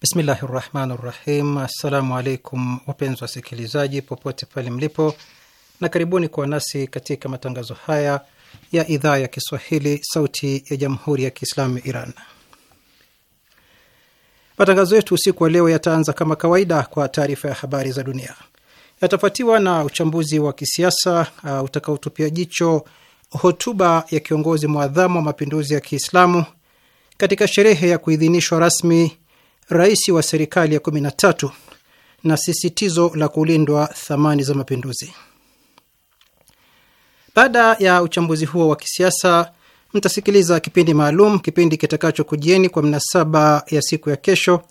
Bismillahi rahmani rahim. Assalamu alaikum wapenzi wasikilizaji popote pale mlipo, na karibuni kwa nasi katika matangazo haya ya idhaa ya Kiswahili sauti ya jamhuri ya Kiislamu Iran. Matangazo yetu usiku wa leo yataanza kama kawaida kwa taarifa ya habari za dunia, yatafuatiwa na uchambuzi wa kisiasa uh, utakaotupia jicho hotuba ya kiongozi mwadhamu wa mapinduzi ya Kiislamu katika sherehe ya kuidhinishwa rasmi rais wa serikali ya 13 na sisitizo la kulindwa thamani za mapinduzi. Baada ya uchambuzi huo wa kisiasa, mtasikiliza kipindi maalum, kipindi kitakachokujieni kwa mnasaba ya siku ya kesho,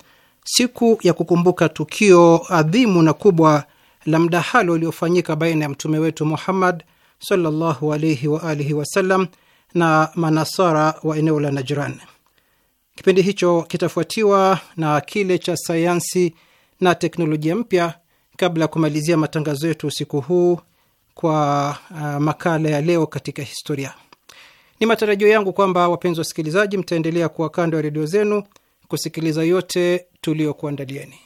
siku ya kukumbuka tukio adhimu na kubwa la mdahalo uliofanyika baina ya mtume wetu Muhammad sallallahu alaihi wa alihi wasallam na manasara wa eneo la najirani Kipindi hicho kitafuatiwa na kile cha sayansi na teknolojia mpya, kabla ya kumalizia matangazo yetu usiku huu kwa uh, makala ya leo katika historia. Ni matarajio yangu kwamba wapenzi wasikilizaji, mtaendelea kuwa kando ya redio zenu kusikiliza yote tuliokuandalieni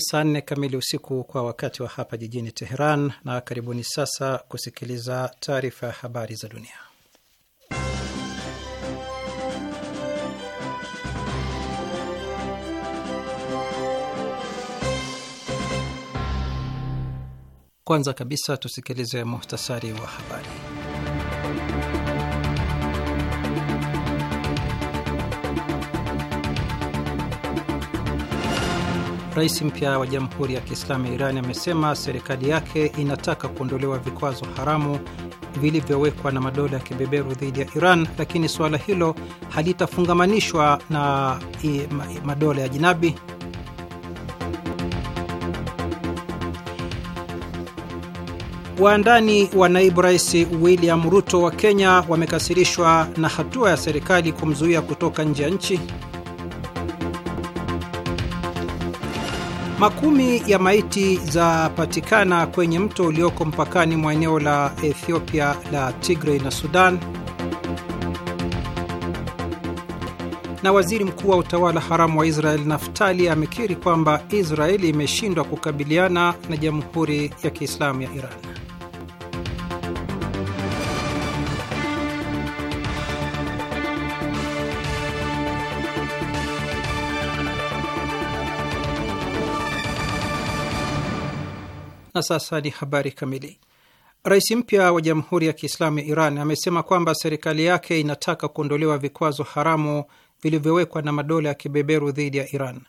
saa nne kamili usiku kwa wakati wa hapa jijini Teheran, na karibuni sasa kusikiliza taarifa ya habari za dunia. Kwanza kabisa tusikilize muhtasari wa habari. Rais mpya wa Jamhuri ya Kiislamu ya Iran amesema serikali yake inataka kuondolewa vikwazo haramu vilivyowekwa na madola ya kibeberu dhidi ya Iran, lakini suala hilo halitafungamanishwa na madola ya jinabi. Waandani wa naibu rais William Ruto wa Kenya wamekasirishwa na hatua ya serikali kumzuia kutoka nje ya nchi. Makumi ya maiti zapatikana kwenye mto ulioko mpakani mwa eneo la Ethiopia la Tigray na Sudan. Na waziri mkuu wa utawala haramu wa Israel Naftali amekiri kwamba Israeli imeshindwa kukabiliana na Jamhuri ya Kiislamu ya Iran. Na sasa ni habari kamili. Rais mpya wa Jamhuri ya Kiislamu ya Iran amesema kwamba serikali yake inataka kuondolewa vikwazo haramu vilivyowekwa na madola ya kibeberu dhidi ya Iran,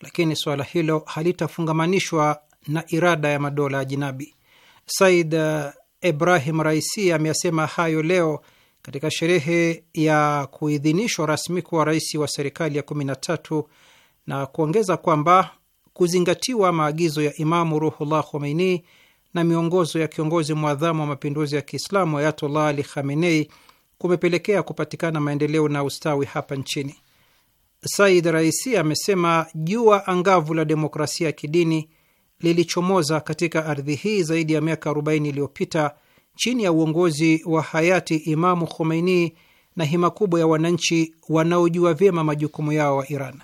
lakini suala hilo halitafungamanishwa na irada ya madola ya jinabi. Said eh, Ibrahim Raisi ameyasema hayo leo katika sherehe ya kuidhinishwa rasmi kuwa rais wa serikali ya 1 na kuongeza kwamba kuzingatiwa maagizo ya Imamu Ruhullah Khomeini na miongozo ya kiongozi mwadhamu wa mapinduzi ya Kiislamu Ayatollah Ali Khamenei kumepelekea kupatikana maendeleo na ustawi hapa nchini. Said Raisi amesema jua angavu la demokrasia ya kidini lilichomoza katika ardhi hii zaidi ya miaka 40 iliyopita chini ya uongozi wa hayati Imamu Khomeini na hima kubwa ya wananchi wanaojua vyema majukumu yao wa Iran.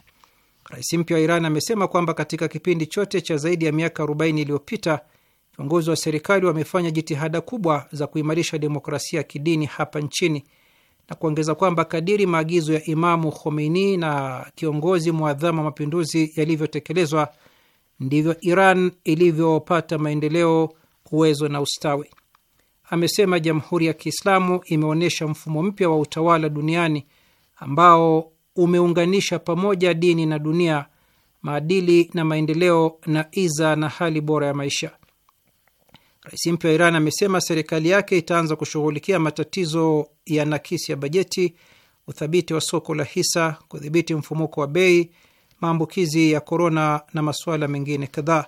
Rais mpya wa Iran amesema kwamba katika kipindi chote cha zaidi ya miaka 40 iliyopita viongozi wa serikali wamefanya jitihada kubwa za kuimarisha demokrasia ya kidini hapa nchini na kuongeza kwamba kadiri maagizo ya Imamu Khomeini na kiongozi mwadhama wa mapinduzi yalivyotekelezwa ndivyo Iran ilivyopata maendeleo, uwezo na ustawi. Amesema Jamhuri ya Kiislamu imeonyesha mfumo mpya wa utawala duniani ambao umeunganisha pamoja dini na dunia, maadili na maendeleo, na iza na hali bora ya maisha. Rais mpya wa Iran amesema serikali yake itaanza kushughulikia matatizo ya nakisi ya bajeti, uthabiti wa soko la hisa, kudhibiti mfumuko wa bei, maambukizi ya korona na masuala mengine kadhaa.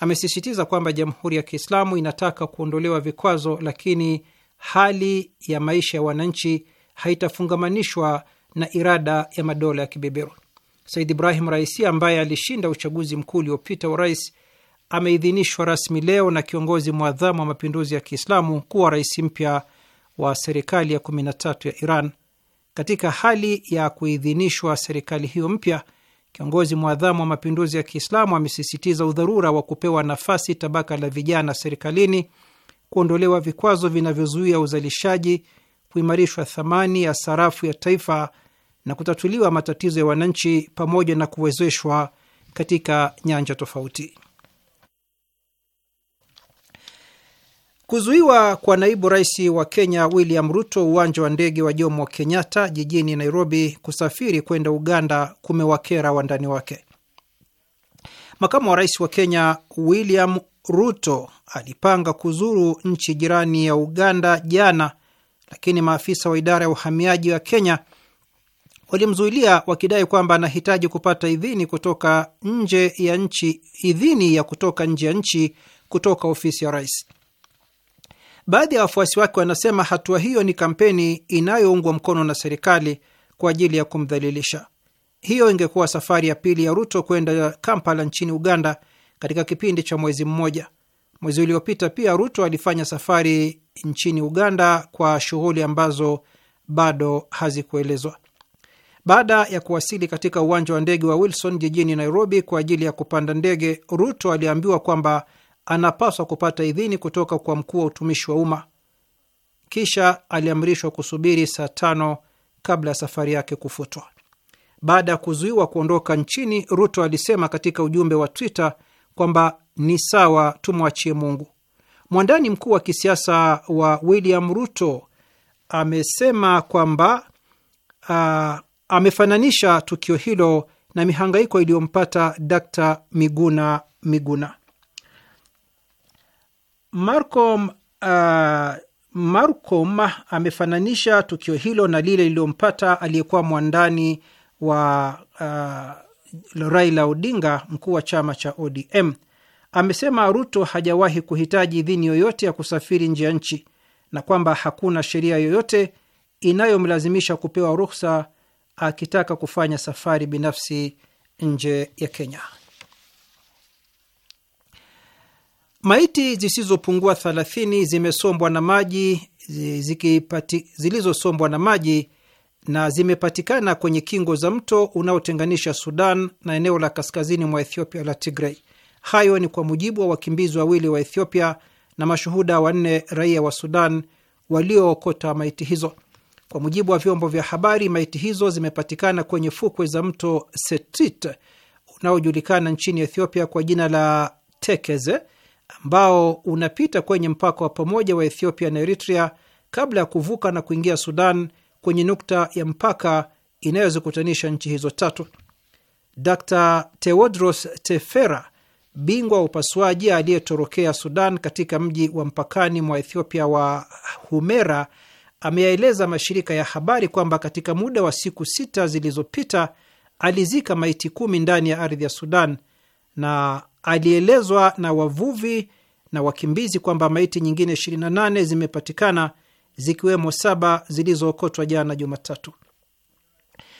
Amesisitiza kwamba Jamhuri ya Kiislamu inataka kuondolewa vikwazo, lakini hali ya maisha ya wananchi haitafungamanishwa na irada ya madola ya kibeberu. Said Ibrahim Raisi ambaye alishinda uchaguzi mkuu uliopita wa rais ameidhinishwa rasmi leo na kiongozi mwadhamu wa mapinduzi ya Kiislamu kuwa rais mpya wa serikali ya 13 ya Iran. Katika hali ya kuidhinishwa serikali hiyo mpya, kiongozi mwadhamu wa mapinduzi ya Kiislamu amesisitiza udharura wa kupewa nafasi tabaka la vijana serikalini, kuondolewa vikwazo vinavyozuia uzalishaji, kuimarishwa thamani ya sarafu ya taifa na kutatuliwa matatizo ya wananchi pamoja na kuwezeshwa katika nyanja tofauti. Kuzuiwa kwa naibu rais wa Kenya William Ruto uwanja wa ndege wa Jomo Kenyatta jijini Nairobi kusafiri kwenda Uganda kumewakera wandani wake. Makamu wa rais wa Kenya William Ruto alipanga kuzuru nchi jirani ya Uganda jana, lakini maafisa wa idara ya uhamiaji wa Kenya walimzuilia wakidai kwamba anahitaji kupata idhini kutoka nje ya nchi, idhini ya kutoka nje ya nchi kutoka ofisi ya rais. Baadhi ya wafuasi wake wanasema hatua hiyo ni kampeni inayoungwa mkono na serikali kwa ajili ya kumdhalilisha. Hiyo ingekuwa safari ya pili ya Ruto kwenda Kampala nchini Uganda katika kipindi cha mwezi mmoja. Mwezi uliopita pia Ruto alifanya safari nchini Uganda kwa shughuli ambazo bado hazikuelezwa. Baada ya kuwasili katika uwanja wa ndege wa Wilson jijini Nairobi kwa ajili ya kupanda ndege, Ruto aliambiwa kwamba anapaswa kupata idhini kutoka kwa mkuu wa utumishi wa umma, kisha aliamrishwa kusubiri saa tano kabla ya safari yake kufutwa. Baada ya kuzuiwa kuondoka nchini, Ruto alisema katika ujumbe wa Twitter kwamba ni sawa, tumwachie Mungu. Mwandani mkuu wa kisiasa wa William Ruto amesema kwamba uh, amefananisha tukio hilo na mihangaiko iliyompata d Miguna Miguna. Marcom uh, amefananisha tukio hilo na lile lililompata aliyekuwa mwandani wa uh, Raila Odinga, mkuu wa chama cha ODM. Amesema Ruto hajawahi kuhitaji idhini yoyote ya kusafiri nje ya nchi na kwamba hakuna sheria yoyote inayomlazimisha kupewa ruhusa akitaka kufanya safari binafsi nje ya Kenya. Maiti zisizopungua thelathini zimesombwa na maji zikipati, zilizosombwa na maji na zimepatikana kwenye kingo za mto unaotenganisha Sudan na eneo la kaskazini mwa Ethiopia la Tigray. Hayo ni kwa mujibu wa wakimbizi wawili wa Ethiopia na mashuhuda wanne raia wa Sudan waliookota maiti hizo. Kwa mujibu wa vyombo vya habari, maiti hizo zimepatikana kwenye fukwe za mto Setit unaojulikana nchini Ethiopia kwa jina la Tekeze, ambao unapita kwenye mpaka wa pamoja wa Ethiopia na Eritrea kabla ya kuvuka na kuingia Sudan kwenye nukta ya mpaka inayozikutanisha nchi hizo tatu. Dr Tewodros Tefera, bingwa wa upasuaji aliyetorokea Sudan katika mji wa mpakani mwa Ethiopia wa Humera, ameyaeleza mashirika ya habari kwamba katika muda wa siku sita zilizopita alizika maiti kumi ndani ya ardhi ya Sudan, na alielezwa na wavuvi na wakimbizi kwamba maiti nyingine 28 zimepatikana zikiwemo saba zilizookotwa jana Jumatatu.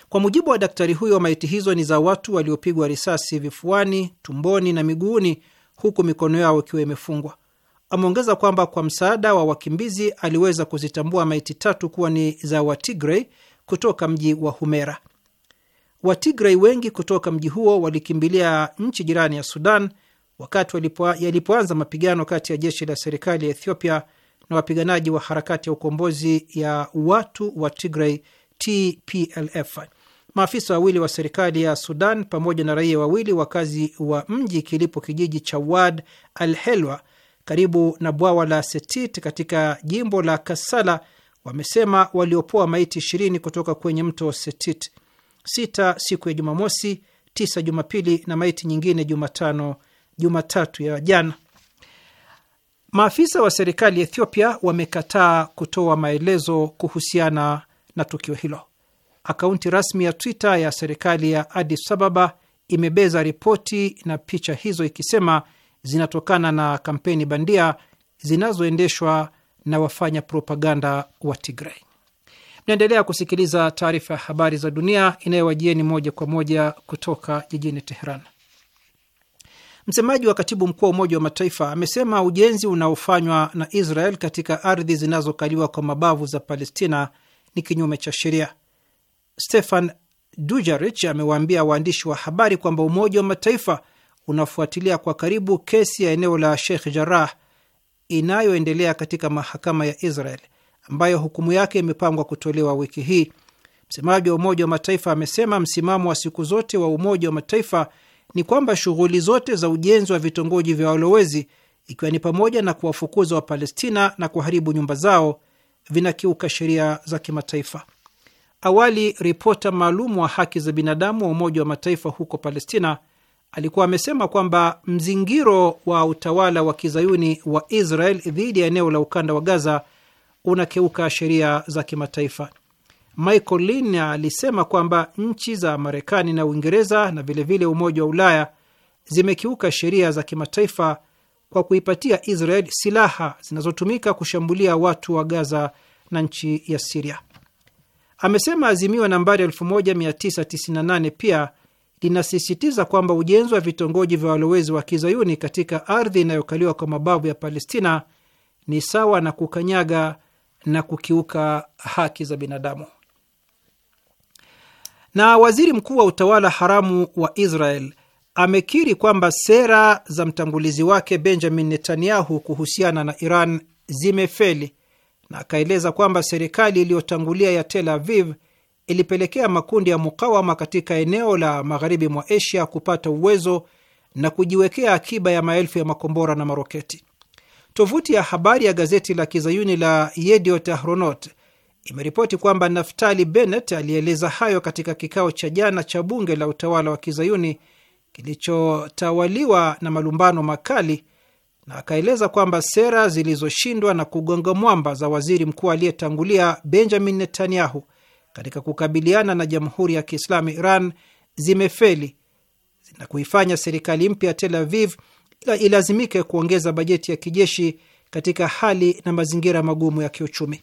Kwa mujibu wa daktari huyo, maiti hizo ni za watu waliopigwa risasi vifuani, tumboni na miguuni, huku mikono yao ikiwa imefungwa. Ameongeza kwamba kwa msaada wa wakimbizi aliweza kuzitambua maiti tatu kuwa ni za Watigrei kutoka mji wa Humera. Watigrei wengi kutoka mji huo walikimbilia nchi jirani ya Sudan wakati yalipoanza mapigano kati ya jeshi la serikali ya Ethiopia na wapiganaji wa harakati ya ukombozi ya watu wa Tigrei, TPLF. Maafisa wawili wa serikali ya Sudan pamoja na raia wawili wakazi wa mji kilipo kijiji cha Wad al Helwa karibu na bwawa la Setit katika jimbo la Kasala wamesema waliopoa maiti ishirini kutoka kwenye mto Setit, sita siku ya Jumamosi, tisa Jumapili na maiti nyingine Jumatano, Jumatatu ya jana. Maafisa wa serikali ya Ethiopia wamekataa kutoa maelezo kuhusiana na tukio hilo. Akaunti rasmi ya Twitter ya serikali ya Addis Ababa imebeza ripoti na picha hizo ikisema zinatokana na kampeni bandia zinazoendeshwa na wafanya propaganda wa Tigray. Mnaendelea kusikiliza taarifa ya habari za dunia inayowajieni moja kwa moja kutoka jijini Teheran. Msemaji wa katibu mkuu wa Umoja wa Mataifa amesema ujenzi unaofanywa na Israel katika ardhi zinazokaliwa kwa mabavu za Palestina ni kinyume cha sheria. Stefan Dujarric amewaambia waandishi wa habari kwamba Umoja wa Mataifa unafuatilia kwa karibu kesi ya eneo la Sheikh Jarrah inayoendelea katika mahakama ya Israel ambayo hukumu yake imepangwa kutolewa wiki hii. Msemaji wa Umoja wa Mataifa amesema msimamo wa siku zote wa Umoja wa Mataifa ni kwamba shughuli zote za ujenzi wa vitongoji vya walowezi, ikiwa ni pamoja na kuwafukuza Wapalestina na kuharibu nyumba zao, vinakiuka sheria za kimataifa. Awali, ripota maalum wa haki za binadamu wa Umoja wa Mataifa huko Palestina alikuwa amesema kwamba mzingiro wa utawala wa kizayuni wa Israel dhidi ya eneo la ukanda wa Gaza unakeuka sheria za kimataifa. Michael Lin alisema kwamba nchi za Marekani na Uingereza na vilevile Umoja wa Ulaya zimekiuka sheria za kimataifa kwa kuipatia Israel silaha zinazotumika kushambulia watu wa Gaza na nchi ya Siria. Amesema azimio nambari 1998 pia linasisitiza kwamba ujenzi wa vitongoji vya walowezi wa kizayuni katika ardhi inayokaliwa kwa mabavu ya Palestina ni sawa na kukanyaga na kukiuka haki za binadamu. Na waziri mkuu wa utawala haramu wa Israel amekiri kwamba sera za mtangulizi wake Benjamin Netanyahu kuhusiana na Iran zimefeli na akaeleza kwamba serikali iliyotangulia ya Tel Aviv ilipelekea makundi ya mukawama katika eneo la magharibi mwa Asia kupata uwezo na kujiwekea akiba ya maelfu ya makombora na maroketi. Tovuti ya habari ya gazeti la kizayuni la Yediot Ahronot imeripoti kwamba Naftali Bennett alieleza hayo katika kikao cha jana cha bunge la utawala wa kizayuni kilichotawaliwa na malumbano makali, na akaeleza kwamba sera zilizoshindwa na kugonga mwamba za waziri mkuu aliyetangulia Benjamin Netanyahu katika kukabiliana na Jamhuri ya Kiislamu Iran zimefeli na kuifanya serikali mpya ya Tel Aviv ilazimike kuongeza bajeti ya kijeshi katika hali na mazingira magumu ya kiuchumi.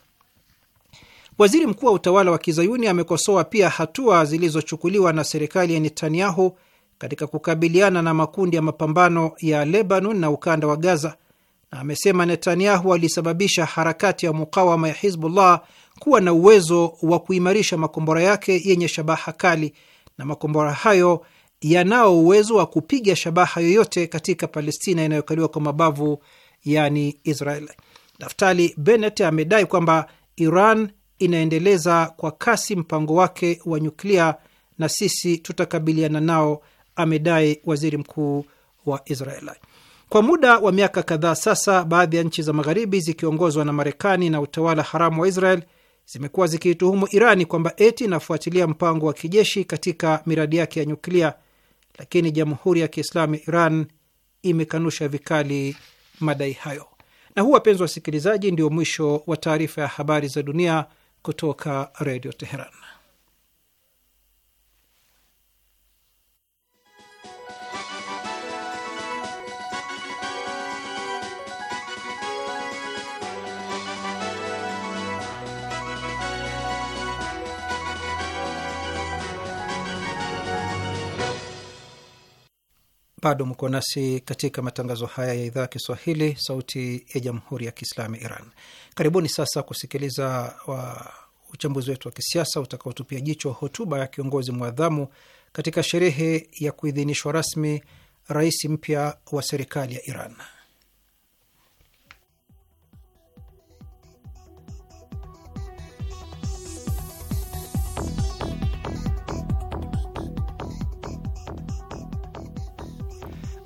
Waziri mkuu wa utawala wa kizayuni amekosoa pia hatua zilizochukuliwa na serikali ya Netanyahu katika kukabiliana na makundi ya mapambano ya Lebanon na ukanda wa Gaza, na amesema Netanyahu alisababisha harakati ya mukawama ya Hizbullah kuwa na uwezo wa kuimarisha makombora yake yenye shabaha kali, na makombora hayo yanao uwezo wa kupiga shabaha yoyote katika Palestina inayokaliwa kwa mabavu, yani Israel. Naftali Bennett amedai kwamba Iran inaendeleza kwa kasi mpango wake wa nyuklia na sisi tutakabiliana nao, amedai waziri mkuu wa Israel. Kwa muda wa miaka kadhaa sasa, baadhi ya nchi za Magharibi zikiongozwa na Marekani na utawala haramu wa Israel zimekuwa zikiituhumu Irani kwamba eti inafuatilia mpango wa kijeshi katika miradi yake ya nyuklia, lakini Jamhuri ya Kiislamu ya Iran imekanusha vikali madai hayo. Na huu, wapenzi wasikilizaji, ndio mwisho wa taarifa ya habari za dunia kutoka Redio Teheran. Bado mko nasi katika matangazo haya ya idhaa ya Kiswahili, sauti ya jamhuri ya kiislamu ya Iran. Karibuni sasa kusikiliza wa uchambuzi wetu wa kisiasa utakaotupia jicho hotuba ya kiongozi mwadhamu katika sherehe ya kuidhinishwa rasmi rais mpya wa serikali ya Iran.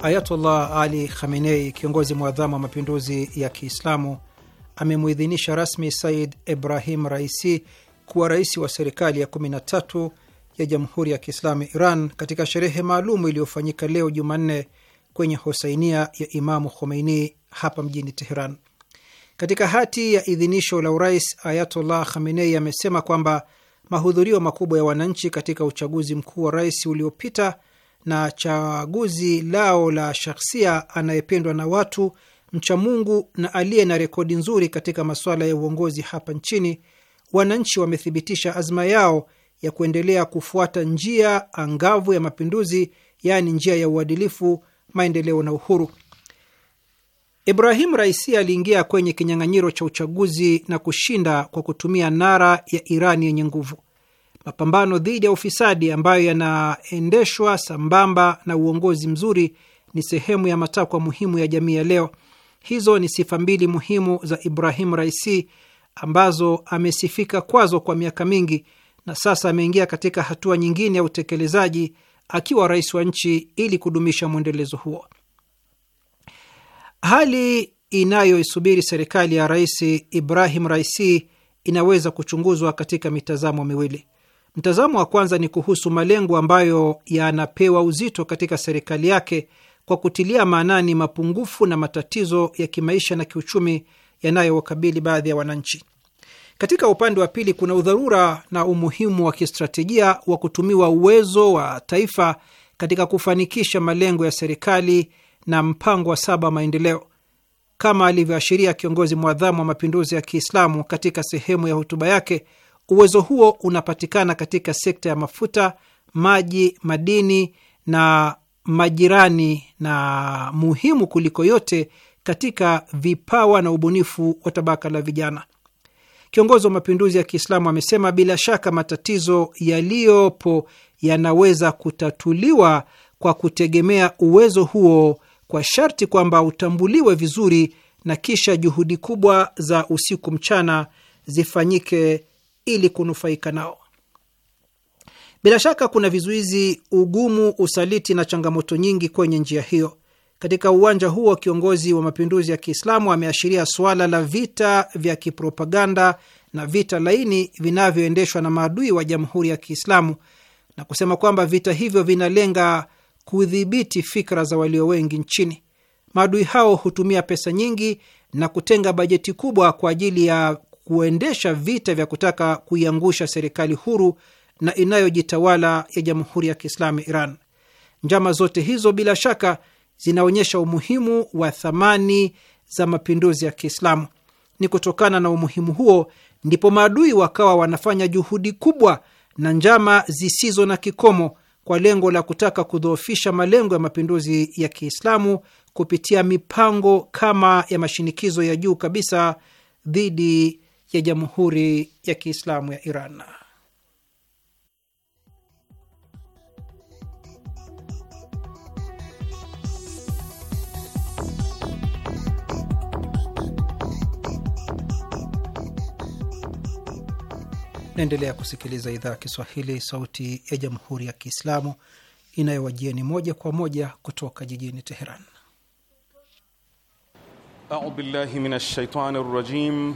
Ayatullah Ali Khamenei, kiongozi mwadhamu wa mapinduzi ya Kiislamu, amemwidhinisha rasmi Said Ibrahim Raisi kuwa rais wa serikali ya 13 ya Jamhuri ya Kiislamu Iran katika sherehe maalum iliyofanyika leo Jumanne kwenye hosainia ya Imamu Khomeini hapa mjini Teheran. Katika hati ya idhinisho la urais, Ayatollah Khamenei amesema kwamba mahudhurio makubwa ya wananchi katika uchaguzi mkuu wa rais uliopita na chaguzi lao la shakhsia anayependwa na watu, mcha Mungu na aliye na rekodi nzuri katika masuala ya uongozi hapa nchini, wananchi wamethibitisha azma yao ya kuendelea kufuata njia angavu ya mapinduzi, yaani njia ya uadilifu, maendeleo na uhuru. Ibrahim Raisi aliingia kwenye kinyang'anyiro cha uchaguzi na kushinda kwa kutumia nara ya Irani yenye nguvu. Mapambano dhidi ya ufisadi ambayo yanaendeshwa sambamba na uongozi mzuri ni sehemu ya matakwa muhimu ya jamii ya leo. Hizo ni sifa mbili muhimu za Ibrahim Raisi ambazo amesifika kwazo kwa miaka mingi na sasa ameingia katika hatua nyingine ya utekelezaji akiwa rais wa nchi ili kudumisha mwendelezo huo. Hali inayoisubiri serikali ya Rais Ibrahim Raisi inaweza kuchunguzwa katika mitazamo miwili. Mtazamo wa kwanza ni kuhusu malengo ambayo yanapewa uzito katika serikali yake kwa kutilia maanani mapungufu na matatizo ya kimaisha na kiuchumi yanayowakabili baadhi ya wananchi. Katika upande wa pili, kuna udharura na umuhimu wa kistratejia wa kutumiwa uwezo wa taifa katika kufanikisha malengo ya serikali na mpango wa saba maendeleo, kama alivyoashiria kiongozi mwadhamu wa mapinduzi ya Kiislamu katika sehemu ya hotuba yake Uwezo huo unapatikana katika sekta ya mafuta, maji, madini na majirani, na muhimu kuliko yote, katika vipawa na ubunifu wa tabaka la vijana. Kiongozi wa mapinduzi ya Kiislamu amesema bila shaka matatizo yaliyopo yanaweza kutatuliwa kwa kutegemea uwezo huo, kwa sharti kwamba utambuliwe vizuri na kisha juhudi kubwa za usiku mchana zifanyike ili kunufaika nao. Bila shaka kuna vizuizi, ugumu, usaliti na changamoto nyingi kwenye njia hiyo. Katika uwanja huo, kiongozi wa mapinduzi ya Kiislamu ameashiria suala la vita vya kipropaganda na vita laini vinavyoendeshwa na maadui wa Jamhuri ya Kiislamu na kusema kwamba vita hivyo vinalenga kudhibiti fikra za walio wengi nchini. Maadui hao hutumia pesa nyingi na kutenga bajeti kubwa kwa ajili ya kuendesha vita vya kutaka kuiangusha serikali huru na inayojitawala ya Jamhuri ya Kiislamu Iran. Njama zote hizo bila shaka zinaonyesha umuhimu wa thamani za mapinduzi ya Kiislamu. Ni kutokana na umuhimu huo ndipo maadui wakawa wanafanya juhudi kubwa na njama zisizo na kikomo kwa lengo la kutaka kudhoofisha malengo ya mapinduzi ya Kiislamu kupitia mipango kama ya mashinikizo ya juu kabisa dhidi ya Jamhuri ya Kiislamu ya Iran. Naendelea kusikiliza idhaa ya Kiswahili, sauti ya Jamhuri ya Kiislamu inayowajieni moja kwa moja kutoka jijini Teheran. Audhu billahi minash shaitani rajim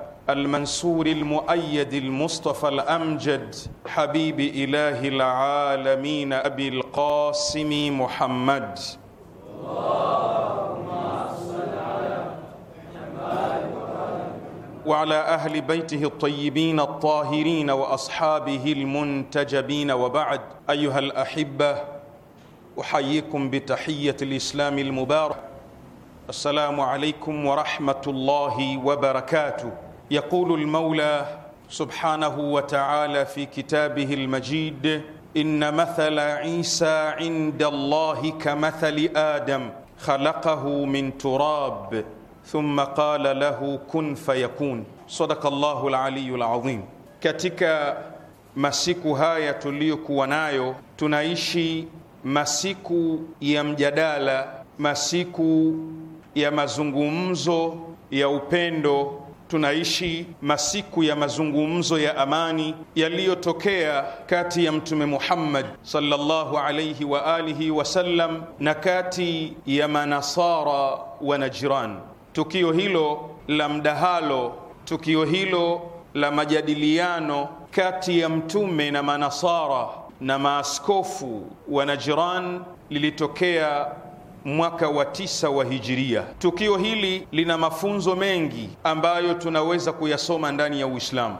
المنصور المؤيد المصطفى الأمجد حبيب إله العالمين أبي القاسم محمد اللهم على وعلى أهل بيته الطيبين الطاهرين وأصحابه المنتجبين وبعد أيها الأحبة أحييكم بتحية الإسلام المبارك السلام عليكم ورحمة الله وبركاته يقول المولى سبحانه وتعالى في كتابه المجيد ان مثل عيسى عند الله كمثل ادم خلقه من تراب ثم قال له kun fayakun. Sadaka Allahu al-aliyu Katika masiku haya tuliyokuwa nayo, tunaishi masiku ya mjadala, masiku ya mazungumzo ya upendo tunaishi masiku ya mazungumzo ya amani yaliyotokea kati ya Mtume Muhammad sallallahu alayhi wa alihi wasallam na kati ya manasara wa najiran Tukio hilo la mdahalo, tukio hilo la majadiliano kati ya Mtume na manasara na maaskofu wa najiran lilitokea mwaka wa tisa wa hijiria. Tukio hili lina mafunzo mengi ambayo tunaweza kuyasoma ndani ya Uislamu,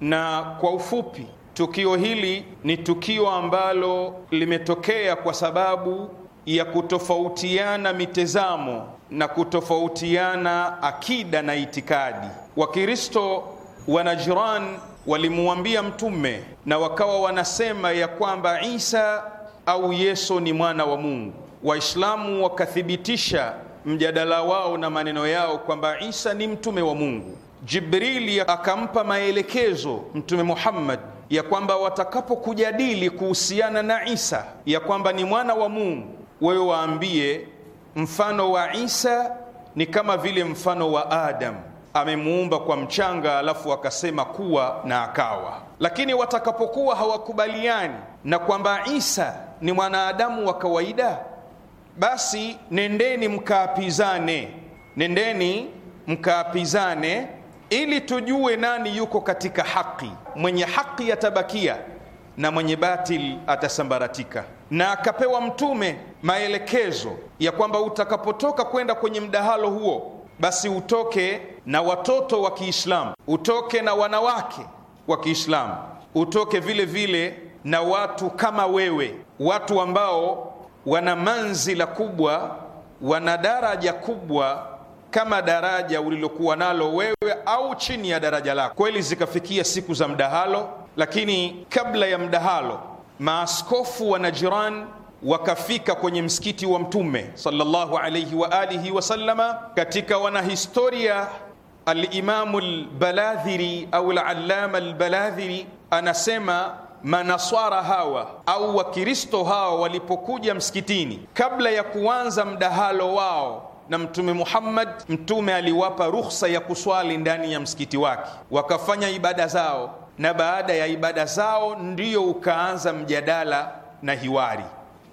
na kwa ufupi, tukio hili ni tukio ambalo limetokea kwa sababu ya kutofautiana mitazamo na kutofautiana akida na itikadi. Wakristo wa Najran walimwambia Mtume na wakawa wanasema ya kwamba Isa au Yesu ni mwana wa Mungu Waislamu wakathibitisha mjadala wao na maneno yao kwamba Isa ni mtume wa Mungu. Jibrili akampa maelekezo Mtume Muhammad ya kwamba watakapokujadili kuhusiana na Isa ya kwamba ni mwana wa Mungu, wewe waambie mfano wa Isa ni kama vile mfano wa Adam, amemuumba kwa mchanga, alafu akasema kuwa na akawa. Lakini watakapokuwa hawakubaliani na kwamba Isa ni mwanadamu wa kawaida basi nendeni mkaapizane, nendeni mkaapizane ili tujue nani yuko katika haki. Mwenye haki atabakia na mwenye batil atasambaratika. Na akapewa Mtume maelekezo ya kwamba utakapotoka kwenda kwenye mdahalo huo, basi utoke na watoto wa Kiislamu, utoke na wanawake wa Kiislamu, utoke vile vile na watu kama wewe, watu ambao wana manzila kubwa, wana daraja kubwa kama daraja ulilokuwa nalo wewe au chini ya daraja lako. Kweli zikafikia siku za mdahalo, lakini kabla ya mdahalo maaskofu wa Najiran wakafika kwenye msikiti wa Mtume sallallahu alayhi wa alihi wasallama. Katika wanahistoria Alimamu Lbaladhiri au Alallama Lbaladhiri anasema manaswara hawa au wakristo hawa walipokuja msikitini, kabla ya kuanza mdahalo wao na Mtume Muhammad, Mtume aliwapa ruhusa ya kuswali ndani ya msikiti wake, wakafanya ibada zao, na baada ya ibada zao ndiyo ukaanza mjadala na hiwari.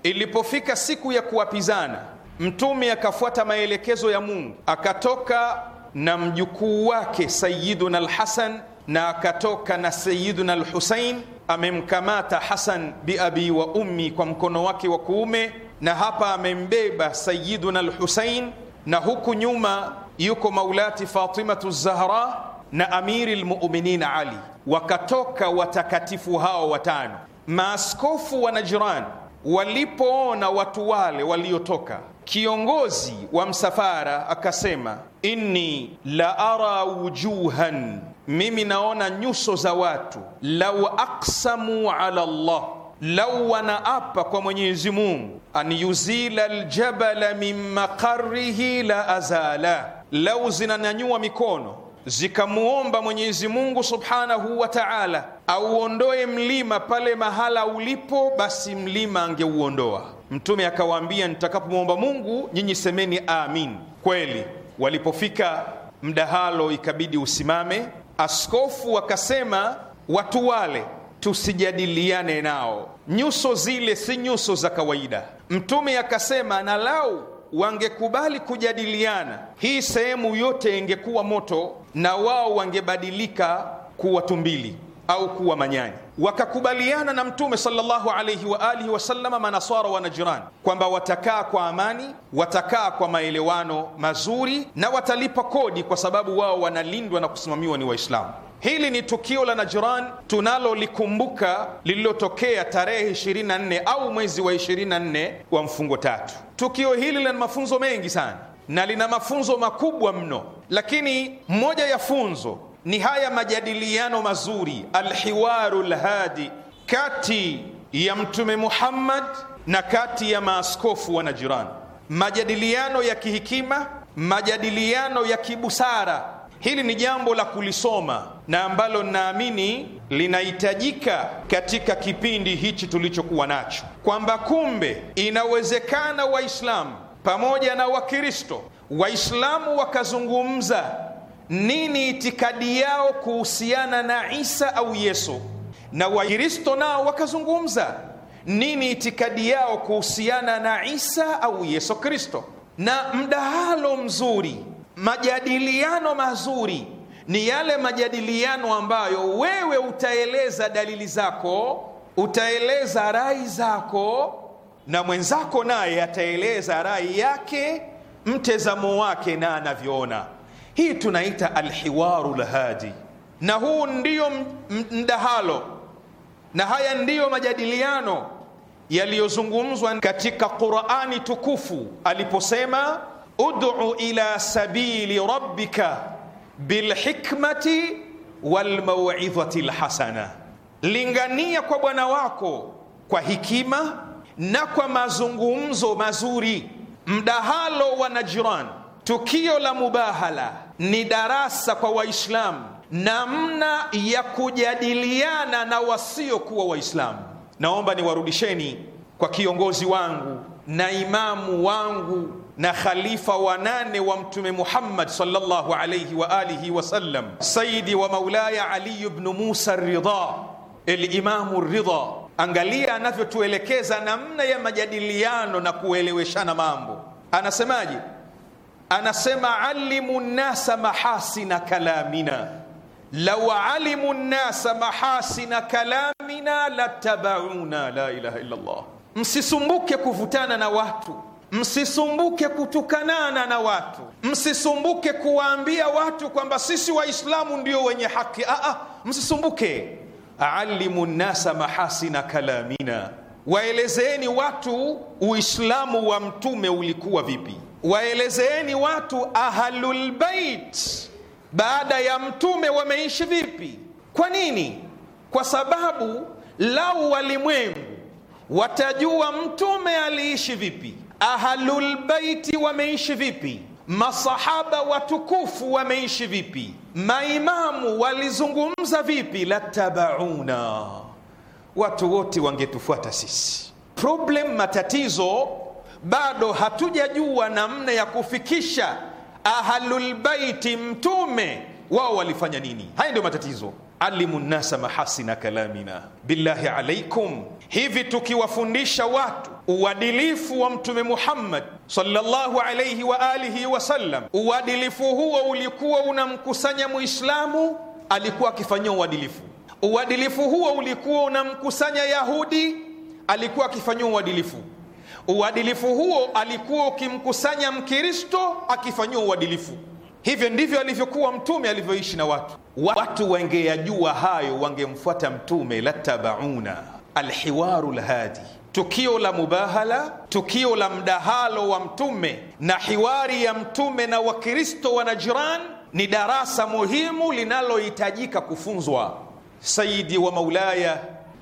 Ilipofika siku ya kuwapizana, Mtume akafuata maelekezo ya Mungu, akatoka na mjukuu wake Sayyiduna Alhasan na akatoka na Sayyiduna al-Husain amemkamata Hasan biabi wa ummi kwa mkono wake wa kuume, na hapa amembeba Sayyiduna al-Husain, na huku nyuma yuko maulati Fatimatu Zahra na amiri lmuminin Ali. Wakatoka watakatifu hao watano. Maaskofu wa Najran walipoona watu wale waliotoka, kiongozi wa msafara akasema, inni la ara wujuhan mimi naona nyuso za watu, lau aksamu ala Allah, lau wanaapa kwa Mwenyezi Mungu, an yuzila ljabala min maqarihi la azala, lau zinanyanyua mikono zikamuomba Mwenyezi Mungu subhanahu wa taala auondoe mlima pale mahala ulipo, basi mlima angeuondoa. Mtume akawaambia, nitakapomwomba Mungu nyinyi semeni amin. Kweli walipofika mdahalo, ikabidi usimame Askofu akasema watu wale tusijadiliane nao, nyuso zile si nyuso za kawaida. Mtume akasema na lau wangekubali kujadiliana, hii sehemu yote ingekuwa moto na wao wangebadilika kuwa tumbili au kuwa manyanya Wakakubaliana na Mtume sallallahu alayhi wa alihi wasallama manaswara wa Najirani kwamba watakaa kwa amani, watakaa kwa maelewano mazuri na watalipa kodi, kwa sababu wao wanalindwa na kusimamiwa ni Waislamu. Hili ni tukio la najiran tunalolikumbuka lililotokea tarehe 24 au mwezi wa 24 wa mfungo tatu. Tukio hili lina mafunzo mengi sana na lina mafunzo makubwa mno, lakini moja ya funzo ni haya majadiliano mazuri, alhiwaru lhadi, kati ya Mtume Muhammad na kati ya maaskofu wa Najirani, majadiliano ya kihikima, majadiliano ya kibusara. Hili ni jambo la kulisoma na ambalo naamini linahitajika katika kipindi hichi tulichokuwa nacho, kwamba kumbe inawezekana Waislamu pamoja na Wakristo, Waislamu wakazungumza nini itikadi yao kuhusiana na Isa au Yesu, na Wakristo nao wakazungumza nini itikadi yao kuhusiana na Isa au Yesu Kristo, na mdahalo mzuri, majadiliano mazuri ni yale majadiliano ambayo wewe utaeleza dalili zako, utaeleza rai zako, na mwenzako naye ataeleza rai yake, mtazamo wake na anavyoona. Hii tunaita alhiwaru lhadi, na huu ndiyo mdahalo na haya ndiyo majadiliano yaliyozungumzwa katika Qurani tukufu aliposema ud'u ila sabili rabbika bilhikmati walmawidhati lhasana, lingania kwa Bwana wako kwa hikima na kwa mazungumzo mazuri. Mdahalo wa Najran Tukio la mubahala ni darasa kwa Waislamu namna ya kujadiliana na wasiokuwa Waislamu. Naomba niwarudisheni kwa kiongozi wangu na imamu wangu na khalifa wa nane wa Mtume Muhammad sallallahu alayhi wa alihi wasallam, saidi wa maulaya Ali ibn Musa Ridha, Elimamu Ridha. Angalia anavyotuelekeza namna ya majadiliano na kueleweshana mambo, anasemaje? anasema alimu nnasa mahasina kalamina lau alimu nnasa mahasina kalamina latabauna la ilaha illa llah msisumbuke kuvutana na watu msisumbuke kutukanana na watu msisumbuke kuwaambia watu kwamba sisi waislamu ndio wenye haki Aa, ah, ah, msisumbuke alimu nnasa mahasina kalamina waelezeeni watu uislamu wa mtume ulikuwa vipi waelezeeni watu ahlulbeit baada ya mtume wameishi vipi. Kwa nini? Kwa sababu lau walimwengu watajua mtume aliishi vipi, ahlulbeiti wameishi vipi, masahaba watukufu wameishi vipi, maimamu walizungumza vipi, latabauna, watu wote wangetufuata sisi. Problem, matatizo bado hatujajua namna ya kufikisha ahlulbaiti mtume wao walifanya nini. Haya ndio matatizo. alimu nnasa mahasina kalamina, billahi alaikum, hivi tukiwafundisha watu uadilifu wa Mtume Muhammad sallallahu alaihi wa alihi wasallam, uadilifu huo ulikuwa unamkusanya Muislamu alikuwa akifanyia uadilifu. Uadilifu huo ulikuwa unamkusanya Yahudi alikuwa akifanyia uadilifu Uadilifu huo alikuwa ukimkusanya Mkristo akifanyiwa uadilifu. Hivyo ndivyo alivyokuwa Mtume alivyoishi na watu. Watu wangeyajua hayo wangemfuata Mtume, latabauna alhiwaru lhadi Tukio la mubahala, tukio la mdahalo wa Mtume na hiwari ya Mtume na Wakristo wa najiran ni darasa muhimu linalohitajika kufunzwa. Sayidi wa maulaya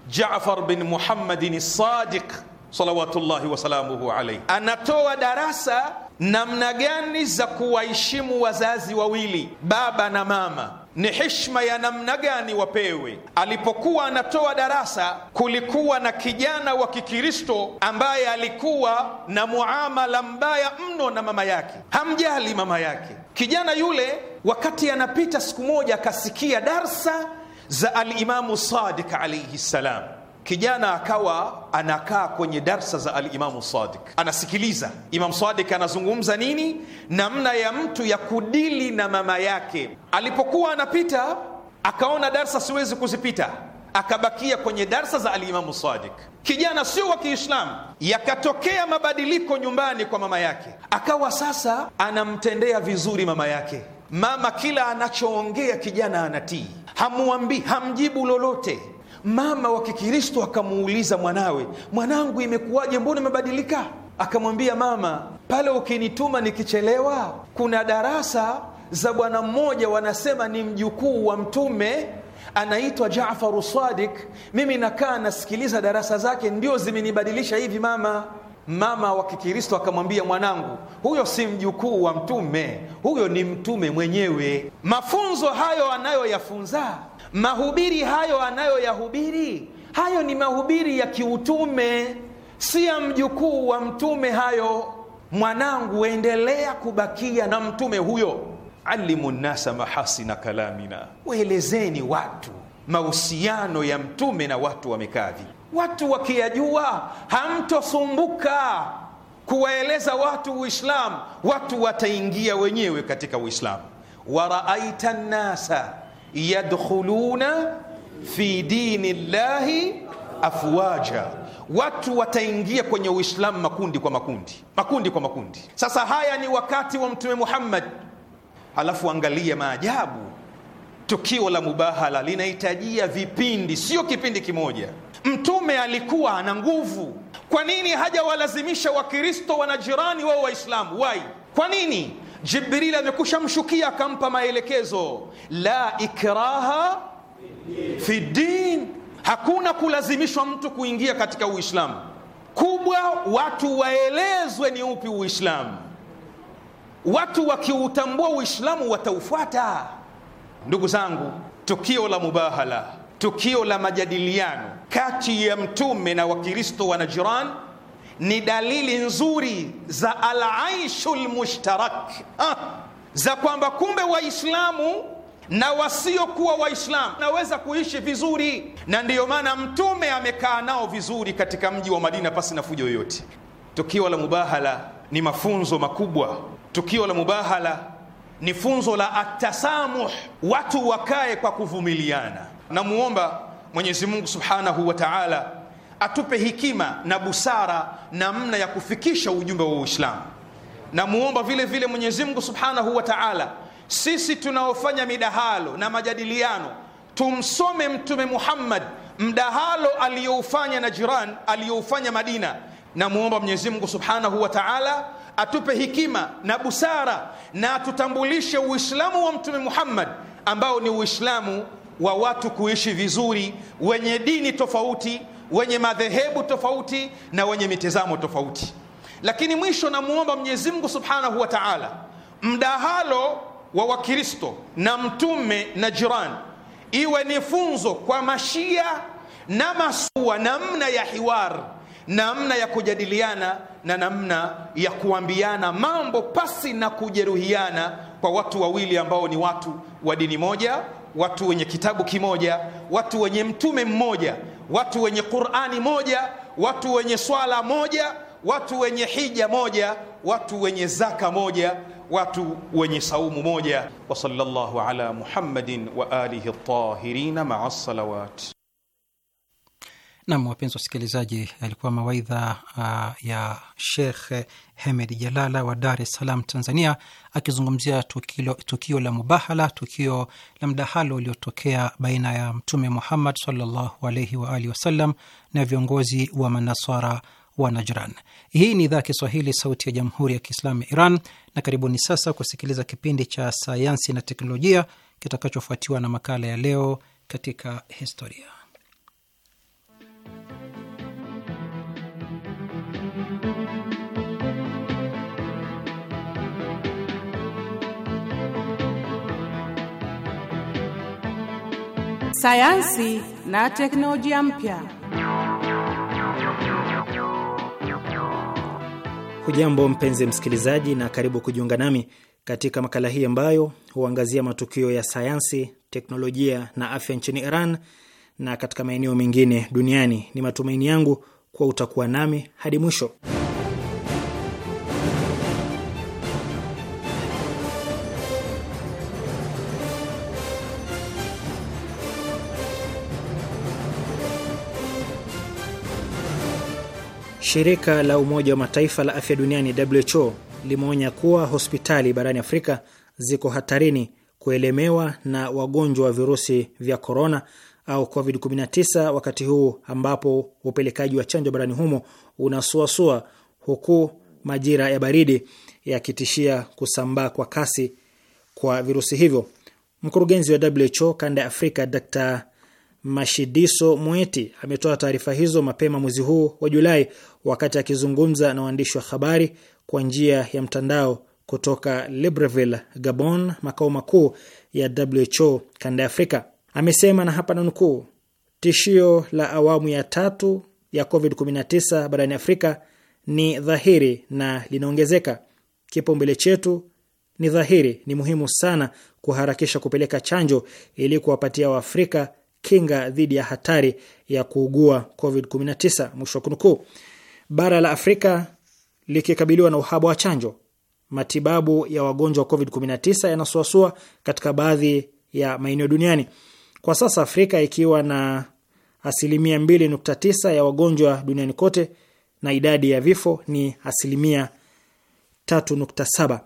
Jafar bin Muhammadin Sadiq salawatullahi wasalamuhu alaihi, anatoa darasa namna gani za kuwaheshimu wazazi wawili, baba na mama ni heshima ya namna gani wapewe. Alipokuwa anatoa darasa, kulikuwa na kijana wa Kikristo ambaye alikuwa na muamala mbaya mno na mama yake, hamjali mama yake. Kijana yule wakati anapita, siku moja akasikia darsa za Alimamu Sadiq alaihi ssalam kijana akawa anakaa kwenye darsa za Alimamu Sadik, anasikiliza Imamu Sadik anazungumza nini, namna ya mtu ya kudili na mama yake. Alipokuwa anapita akaona darsa, siwezi kuzipita, akabakia kwenye darsa za Alimamu Sadik. Kijana sio wa Kiislamu, yakatokea mabadiliko nyumbani kwa mama yake, akawa sasa anamtendea vizuri mama yake. Mama kila anachoongea kijana anatii, hamwambii, hamjibu lolote Mama wa Kikristo akamuuliza mwanawe, mwanangu, imekuwaje? Mbona umebadilika? Akamwambia, mama, pale ukinituma nikichelewa, kuna darasa za bwana mmoja wanasema ni mjukuu wa Mtume, anaitwa Jafaru Sadik. Mimi nakaa nasikiliza darasa zake, ndio zimenibadilisha hivi mama. Mama wa Kikristo akamwambia, mwanangu, huyo si mjukuu wa Mtume, huyo ni Mtume mwenyewe. Mafunzo hayo anayoyafunza mahubiri hayo anayoyahubiri hayo ni mahubiri ya kiutume si ya mjukuu wa mtume hayo mwanangu endelea kubakia na mtume huyo alimu nnasa mahasina kalamina waelezeni watu mahusiano ya mtume na watu wamekadhi watu wakiyajua hamtosumbuka kuwaeleza watu uislamu watu wataingia wenyewe katika uislamu waraaita nnasa yadkhuluna fi dini llahi afwaja, watu wataingia kwenye Uislamu makundi kwa makundi, makundi kwa makundi. Sasa haya ni wakati wa Mtume Muhammad, halafu angalia maajabu. Tukio la mubahala linahitajia vipindi, sio kipindi kimoja. Mtume alikuwa ana nguvu. Kwa nini hajawalazimisha Wakristo wanajirani wao Waislamu? Wai, kwa nini? Jibrili mshukia akampa maelekezo, la ikraha fi din, hakuna kulazimishwa mtu kuingia katika Uislamu. Kubwa watu waelezwe ni upi Uislamu. Watu wakiutambua Uislamu wataufuata. Ndugu zangu, tukio la mubahala, tukio la majadiliano kati ya mtume na Wakristo wa najiran ni dalili nzuri za alaishu lmushtarak ah, za kwamba kumbe Waislamu na wasiokuwa Waislamu naweza kuishi vizuri, na ndiyo maana Mtume amekaa nao vizuri katika mji wa Madina pasi na fujo yoyote. Tukio la Mubahala ni mafunzo makubwa. Tukio la Mubahala ni funzo la atasamuh, watu wakae kwa kuvumiliana. Namuomba Mwenyezi Mungu subhanahu wa taala atupe hikima na busara namna ya kufikisha ujumbe wa Uislamu. Namuomba vile vile Mwenyezi Mungu Subhanahu wa Ta'ala, sisi tunaofanya midahalo na majadiliano tumsome Mtume Muhammad mdahalo aliyoufanya na jiran aliyoufanya Madina. Namuomba Mwenyezi Mungu Subhanahu wa Ta'ala atupe hikima na busara na atutambulishe Uislamu wa Mtume Muhammad ambao ni Uislamu wa watu kuishi vizuri, wenye dini tofauti wenye madhehebu tofauti na wenye mitazamo tofauti. Lakini mwisho namwomba Mwenyezi Mungu Subhanahu wa Ta'ala, mdahalo wa Wakristo na mtume na jirani iwe ni funzo kwa mashia na masua, namna ya hiwar, namna ya kujadiliana na namna ya kuambiana mambo pasi na kujeruhiana, kwa watu wawili ambao ni watu wa dini moja, watu wenye kitabu kimoja, watu wenye mtume mmoja watu wenye Qurani moja, watu wenye swala moja, watu wenye hija moja, watu wenye zaka moja, watu wenye saumu moja. Wa sallallahu ala Muhammadin wa alihi at-tahirin ma'a salawat. Nam, wapenzi wasikilizaji, alikuwa mawaidha uh, ya Shekh Hemed Jalala wa Dar es Salaam, Tanzania, akizungumzia tukilo, tukio la mubahala, tukio la mdahalo uliotokea baina ya Mtume Muhammad sallallahu alaihi wa alihi wasallam na viongozi wa manaswara wa Najran. Hii ni idhaa ya Kiswahili, Sauti ya Jamhuri ya Kiislamu ya Iran, na karibuni sasa kusikiliza kipindi cha Sayansi na Teknolojia kitakachofuatiwa na makala ya Leo katika Historia. sayansi na teknolojia mpya. Hujambo mpenzi msikilizaji, na karibu kujiunga nami katika makala hii ambayo huangazia matukio ya sayansi, teknolojia na afya nchini Iran na katika maeneo mengine duniani. Ni matumaini yangu kuwa utakuwa nami hadi mwisho. Shirika la Umoja wa Mataifa la Afya Duniani, WHO, limeonya kuwa hospitali barani Afrika ziko hatarini kuelemewa na wagonjwa wa virusi vya korona au COVID-19 wakati huu ambapo upelekaji wa chanjo barani humo unasuasua huku majira ya baridi yakitishia kusambaa kwa kasi kwa virusi hivyo. Mkurugenzi wa WHO kanda ya Afrika, Dr Mashidiso Mweti ametoa taarifa hizo mapema mwezi huu wa Julai wakati akizungumza na waandishi wa habari kwa njia ya mtandao kutoka Libreville, Gabon, makao makuu ya WHO kanda ya Afrika. Amesema na hapa nanukuu, tishio la awamu ya tatu ya COVID-19 barani Afrika ni dhahiri na linaongezeka. Kipaumbele chetu ni dhahiri, ni muhimu sana kuharakisha kupeleka chanjo ili kuwapatia Waafrika kinga dhidi ya hatari ya kuugua COVID-19, mwisho wa kunukuu. Bara la Afrika likikabiliwa na uhaba wa chanjo, matibabu ya wagonjwa wa COVID-19 yanasuasua katika baadhi ya maeneo duniani kwa sasa, Afrika ikiwa na asilimia 2.9 ya wagonjwa duniani kote na idadi ya vifo ni asilimia 3.7.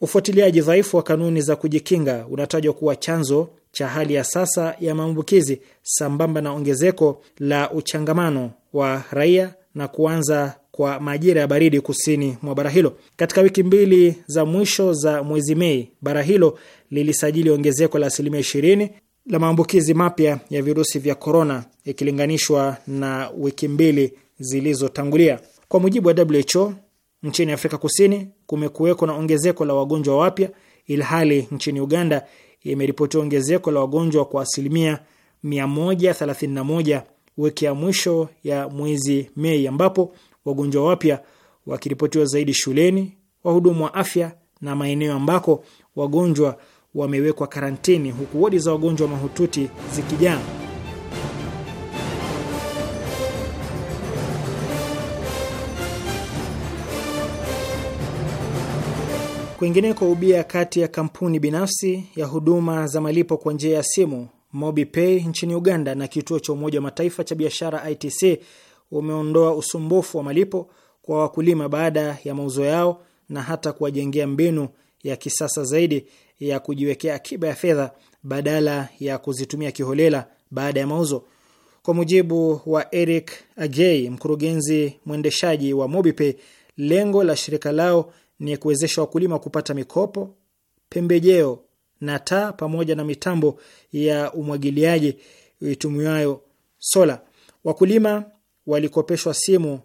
Ufuatiliaji dhaifu wa kanuni za kujikinga unatajwa kuwa chanzo cha hali ya sasa ya maambukizi sambamba na ongezeko la uchangamano wa raia na kuanza kwa majira ya baridi kusini mwa bara hilo. Katika wiki mbili za mwisho za mwezi Mei, bara hilo lilisajili ongezeko la asilimia ishirini la maambukizi mapya ya virusi vya korona ikilinganishwa na wiki mbili zilizotangulia. Kwa mujibu wa WHO, nchini Afrika Kusini kumekuweko na ongezeko la wagonjwa wapya, ilhali nchini Uganda imeripoti ongezeko la wagonjwa kwa asilimia 131 wiki ya mwisho ya mwezi Mei, ambapo wagonjwa wapya wakiripotiwa zaidi shuleni, wahudumu wa afya na maeneo ambako wagonjwa wamewekwa karantini, huku wodi za wagonjwa mahututi zikijaa. Kwingineko, ubia kati ya kampuni binafsi ya huduma za malipo kwa njia ya simu MobiPay nchini Uganda na kituo cha Umoja wa Mataifa cha biashara ITC umeondoa usumbufu wa malipo kwa wakulima baada ya mauzo yao na hata kuwajengea mbinu ya kisasa zaidi ya kujiwekea akiba ya fedha badala ya kuzitumia kiholela baada ya mauzo. Kwa mujibu wa Eric agey mkurugenzi mwendeshaji wa MobiPay, lengo la shirika lao ni kuwezesha wakulima kupata mikopo, pembejeo na taa pamoja na mitambo ya umwagiliaji itumiwayo sola. Wakulima walikopeshwa simu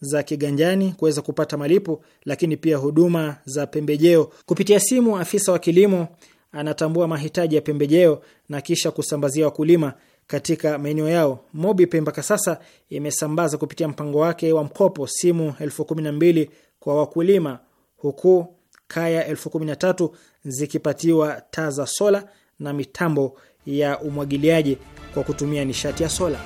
za kiganjani kuweza kupata malipo, lakini pia huduma za pembejeo kupitia simu. Afisa wa kilimo anatambua mahitaji ya pembejeo na kisha kusambazia wakulima katika maeneo yao. Mobi Pemba mpaka sasa imesambaza kupitia mpango wake wa mkopo simu elfu kumi na mbili kwa wakulima huku kaya elfu kumi na tatu zikipatiwa taa za sola na mitambo ya umwagiliaji kwa kutumia nishati ya sola.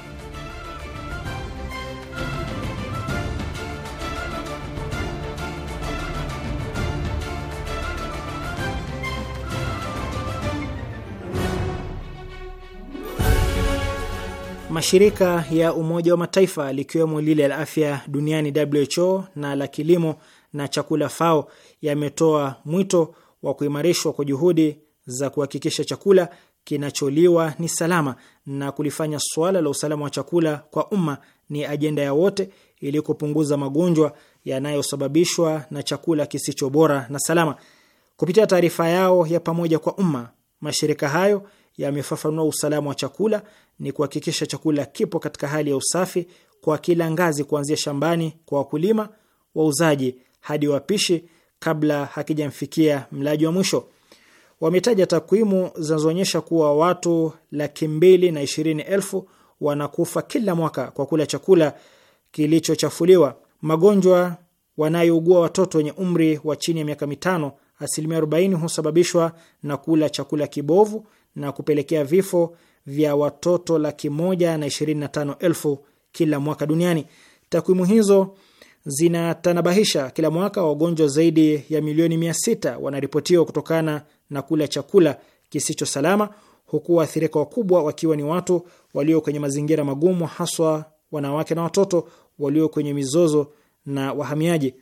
Mashirika ya Umoja wa Mataifa likiwemo lile la afya duniani WHO na la kilimo na chakula FAO yametoa mwito wa kuimarishwa kwa juhudi za kuhakikisha chakula kinacholiwa ni salama na kulifanya suala la usalama wa chakula kwa umma ni ajenda ya wote ili kupunguza magonjwa yanayosababishwa na chakula kisicho bora na salama. Kupitia taarifa yao ya pamoja kwa umma, mashirika hayo yamefafanua usalama wa chakula ni kuhakikisha chakula kipo katika hali ya usafi kwa kila ngazi, kuanzia shambani kwa wakulima, wauzaji hadi wapishi kabla hakijamfikia mlaji wa mwisho. Wametaja takwimu zinazoonyesha kuwa watu laki mbili na ishirini elfu wanakufa kila mwaka kwa kula chakula kilichochafuliwa. Magonjwa wanayougua watoto wenye umri wa chini ya miaka mitano, asilimia 40 husababishwa na kula chakula kibovu na kupelekea vifo vya watoto laki moja na ishirini na tano elfu kila mwaka duniani. Takwimu hizo zinatanabahisha kila mwaka wagonjwa zaidi ya milioni mia sita wanaripotiwa kutokana na kula chakula kisicho salama, huku waathirika wakubwa wakiwa ni watu walio kwenye mazingira magumu, haswa wanawake na watoto walio kwenye mizozo na wahamiaji.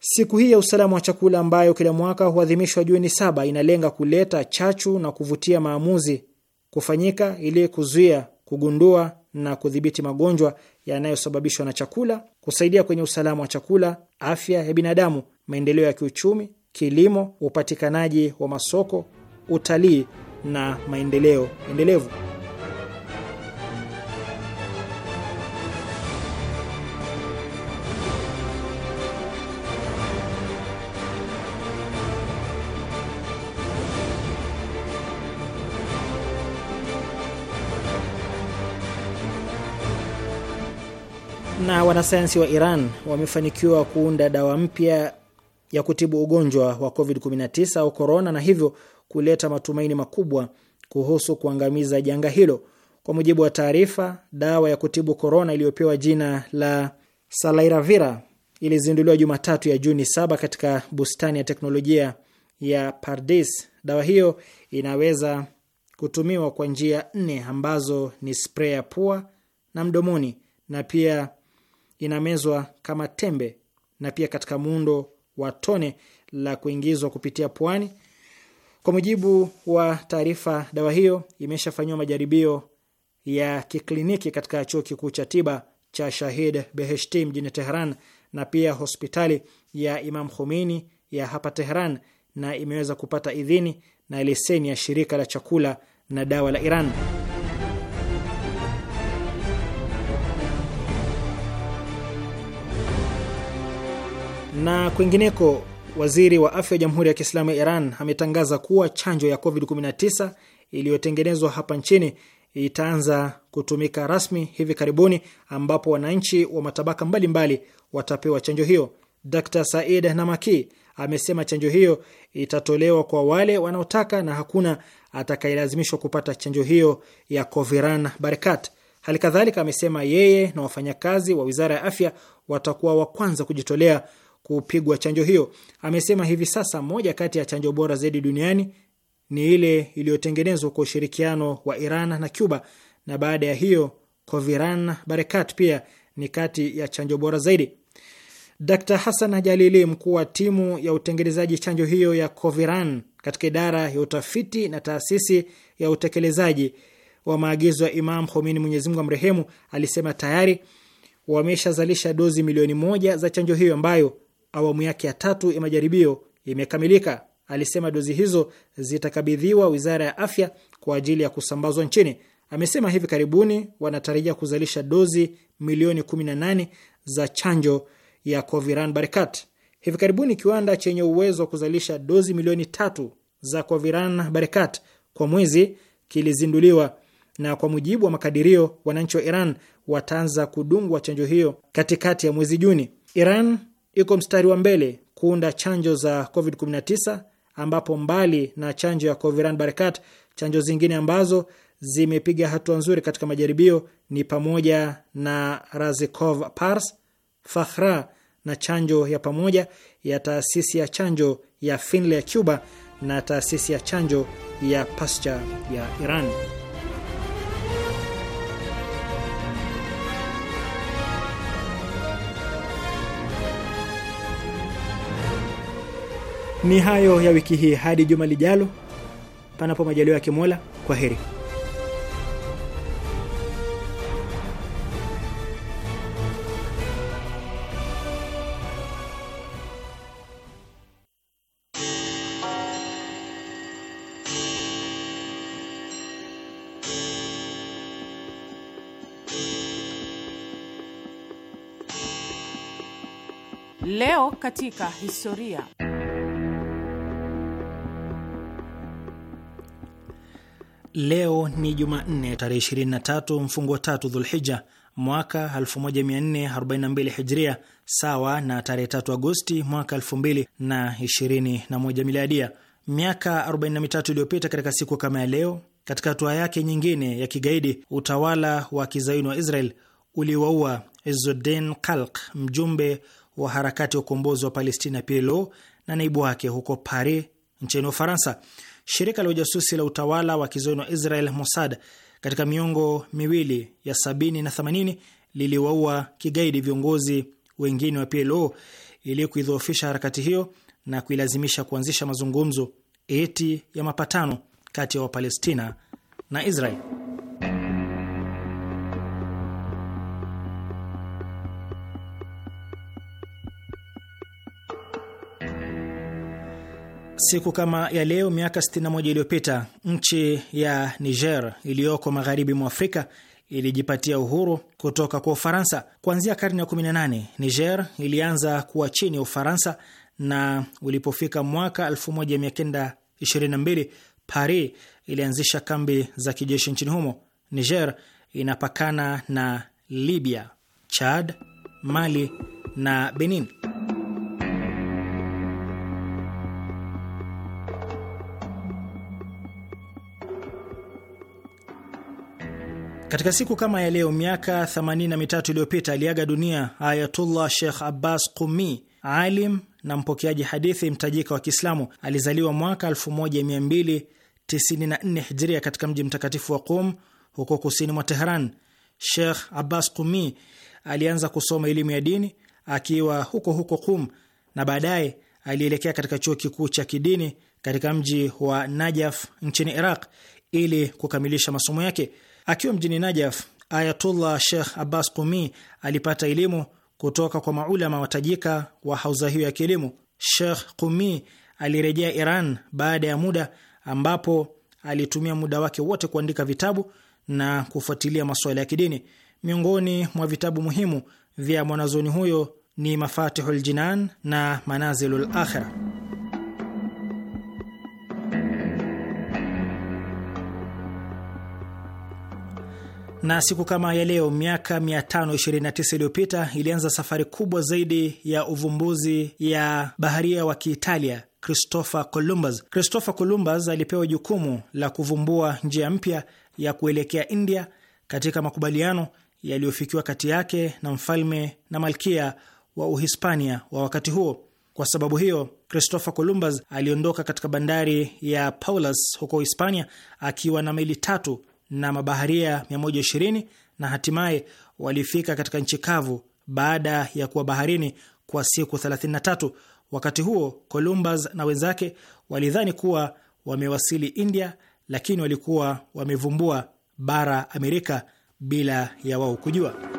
Siku hii ya usalama wa chakula ambayo kila mwaka huadhimishwa Juni saba inalenga kuleta chachu na kuvutia maamuzi kufanyika ili kuzuia, kugundua na kudhibiti magonjwa yanayosababishwa na chakula, kusaidia kwenye usalama wa chakula, afya ya binadamu, maendeleo ya kiuchumi, kilimo, upatikanaji wa masoko, utalii na maendeleo endelevu. Na wanasayansi wa Iran wamefanikiwa kuunda dawa mpya ya kutibu ugonjwa wa COVID-19 au korona, na hivyo kuleta matumaini makubwa kuhusu kuangamiza janga hilo. Kwa mujibu wa taarifa, dawa ya kutibu korona iliyopewa jina la Salairavira ilizinduliwa Jumatatu ya Juni saba katika bustani ya teknolojia ya Pardis. Dawa hiyo inaweza kutumiwa kwa njia nne ambazo ni spray ya pua na mdomoni na pia inamezwa kama tembe na pia katika muundo wa tone la kuingizwa kupitia puani. Kwa mujibu wa taarifa, dawa hiyo imeshafanyiwa majaribio ya kikliniki katika chuo kikuu cha tiba cha Shahid Beheshti mjini Tehran na pia hospitali ya Imam Khomeini ya hapa Tehran na imeweza kupata idhini na leseni ya shirika la chakula na dawa la Iran. Na kwingineko, waziri wa afya ya Jamhuri ya Kiislamu ya Iran ametangaza kuwa chanjo ya COVID-19 iliyotengenezwa hapa nchini itaanza kutumika rasmi hivi karibuni, ambapo wananchi wa matabaka mbalimbali mbali watapewa chanjo hiyo. Dr Said Namaki amesema chanjo hiyo itatolewa kwa wale wanaotaka na hakuna atakayelazimishwa kupata chanjo hiyo ya Coviran Barakat. Hali kadhalika amesema yeye na wafanyakazi wa wizara ya afya watakuwa wa kwanza kujitolea kupigwa chanjo hiyo. Amesema hivi sasa moja kati ya chanjo bora zaidi duniani ni ile iliyotengenezwa kwa ushirikiano wa Iran na Cuba, na baada ya hiyo Coviran Barakat pia ni kati ya chanjo bora zaidi. Dr Hassan Jalili, mkuu wa timu ya utengenezaji chanjo hiyo ya Coviran katika idara ya utafiti na taasisi ya utekelezaji wa maagizo ya Imam Khomeini, Mwenyezi Mungu amrehemu, alisema tayari wameshazalisha dozi milioni moja za chanjo hiyo ambayo awamu yake ya tatu ya majaribio imekamilika. Alisema dozi hizo zitakabidhiwa wizara ya afya kwa ajili ya kusambazwa nchini. Amesema hivi karibuni wanatarajia kuzalisha dozi milioni 18 za chanjo ya Coviran Barikat. Hivi karibuni kiwanda chenye uwezo wa kuzalisha dozi milioni tatu za Coviran Barikat kwa mwezi kilizinduliwa, na kwa mujibu wa makadirio, wananchi wa Iran wataanza kudungwa chanjo hiyo katikati ya mwezi Juni. Iran iko mstari wa mbele kuunda chanjo za COVID-19 ambapo mbali na chanjo ya Coviran Barakat, chanjo zingine ambazo zimepiga hatua nzuri katika majaribio ni pamoja na Razikov Pars, Fakhra na chanjo ya pamoja ya taasisi ya chanjo ya Finlay ya Cuba na taasisi ya chanjo ya Pasteur ya Iran. Ni hayo ya wiki hii, hadi juma lijalo, panapo majaliwa ya Kimola. Kwa heri. Leo katika historia Leo ni Jumanne tarehe 23 mfungo wa tatu Dhulhija mwaka 1442 Hijria, sawa na tarehe 3 Agosti mwaka 2021 Miladia. Miaka 43 iliyopita katika siku kama ya leo, katika hatua yake nyingine ya kigaidi, utawala wa kizayuni wa Israel uliwaua Izzuddin Kalk, mjumbe wa harakati ya ukombozi wa Palestina PLO na naibu wake huko Paris nchini Ufaransa. Shirika la ujasusi la utawala wa kizoni wa Israel Mossad katika miongo miwili ya sabini na themanini liliwaua kigaidi viongozi wengine wa PLO ili kuidhoofisha harakati hiyo na kuilazimisha kuanzisha mazungumzo eti ya mapatano kati ya Wapalestina na Israel. Siku kama ya leo miaka 61 iliyopita nchi ya Niger iliyoko magharibi mwa Afrika ilijipatia uhuru kutoka kwa Ufaransa. Kuanzia karne ya 18 Niger ilianza kuwa chini ya Ufaransa, na ulipofika mwaka 1922 Paris ilianzisha kambi za kijeshi nchini humo. Niger inapakana na Libya, Chad, Mali na Benin. Katika siku kama ya leo miaka 83 iliyopita aliaga dunia Ayatullah Sheikh Abbas Qumi, alim na mpokeaji hadithi mtajika wa Kiislamu. Alizaliwa mwaka 1294 Hijria katika mji mtakatifu wa Qum huko kusini mwa Tehran. Sheikh Abbas Qumi alianza kusoma elimu ya dini akiwa huko huko Qum na baadaye alielekea katika chuo kikuu cha kidini katika mji wa Najaf nchini Iraq ili kukamilisha masomo yake. Akiwa mjini Najaf, Ayatullah Sheikh Abbas Qumi alipata elimu kutoka kwa maulama watajika wa hauza hiyo ya kielimu. Sheikh Qumi alirejea Iran baada ya muda, ambapo alitumia muda wake wote kuandika vitabu na kufuatilia masuala ya kidini. Miongoni mwa vitabu muhimu vya mwanazoni huyo ni Mafatihu Ljinan na Manazilu Akhira. Na siku kama ya leo miaka 529 iliyopita ilianza safari kubwa zaidi ya uvumbuzi ya baharia wa Kiitalia Christopher Columbus. Christopher Columbus alipewa jukumu la kuvumbua njia mpya ya kuelekea India katika makubaliano yaliyofikiwa kati yake na mfalme na malkia wa Uhispania wa wakati huo. Kwa sababu hiyo, Christopher Columbus aliondoka katika bandari ya paulus huko Hispania akiwa na meli tatu na mabaharia 120 na hatimaye walifika katika nchi kavu baada ya kuwa baharini kwa siku 33. Wakati huo Columbus na wenzake walidhani kuwa wamewasili India, lakini walikuwa wamevumbua bara Amerika bila ya wao kujua.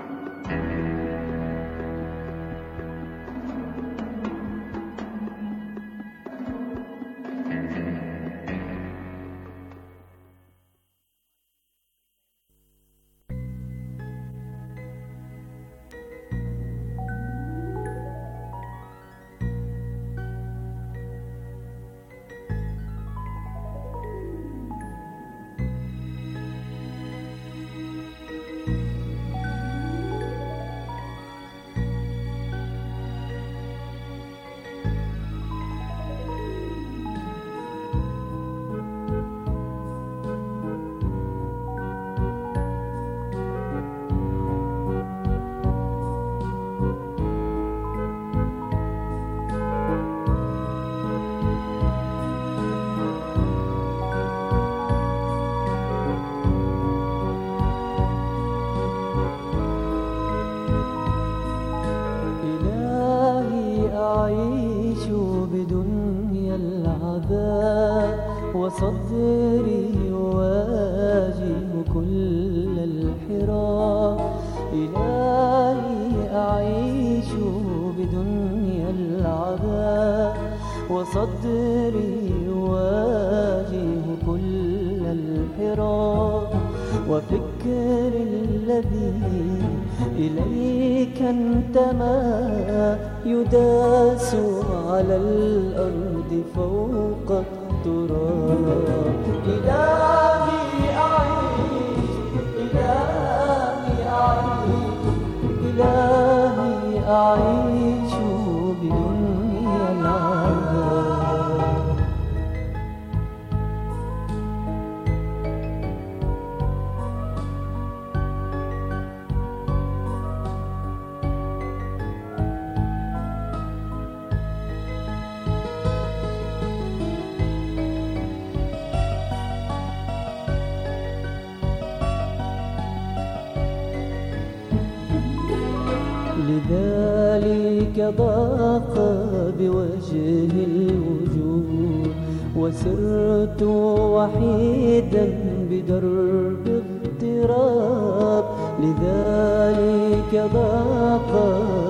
وحيدا بدرب اضطراب لذلك ضاق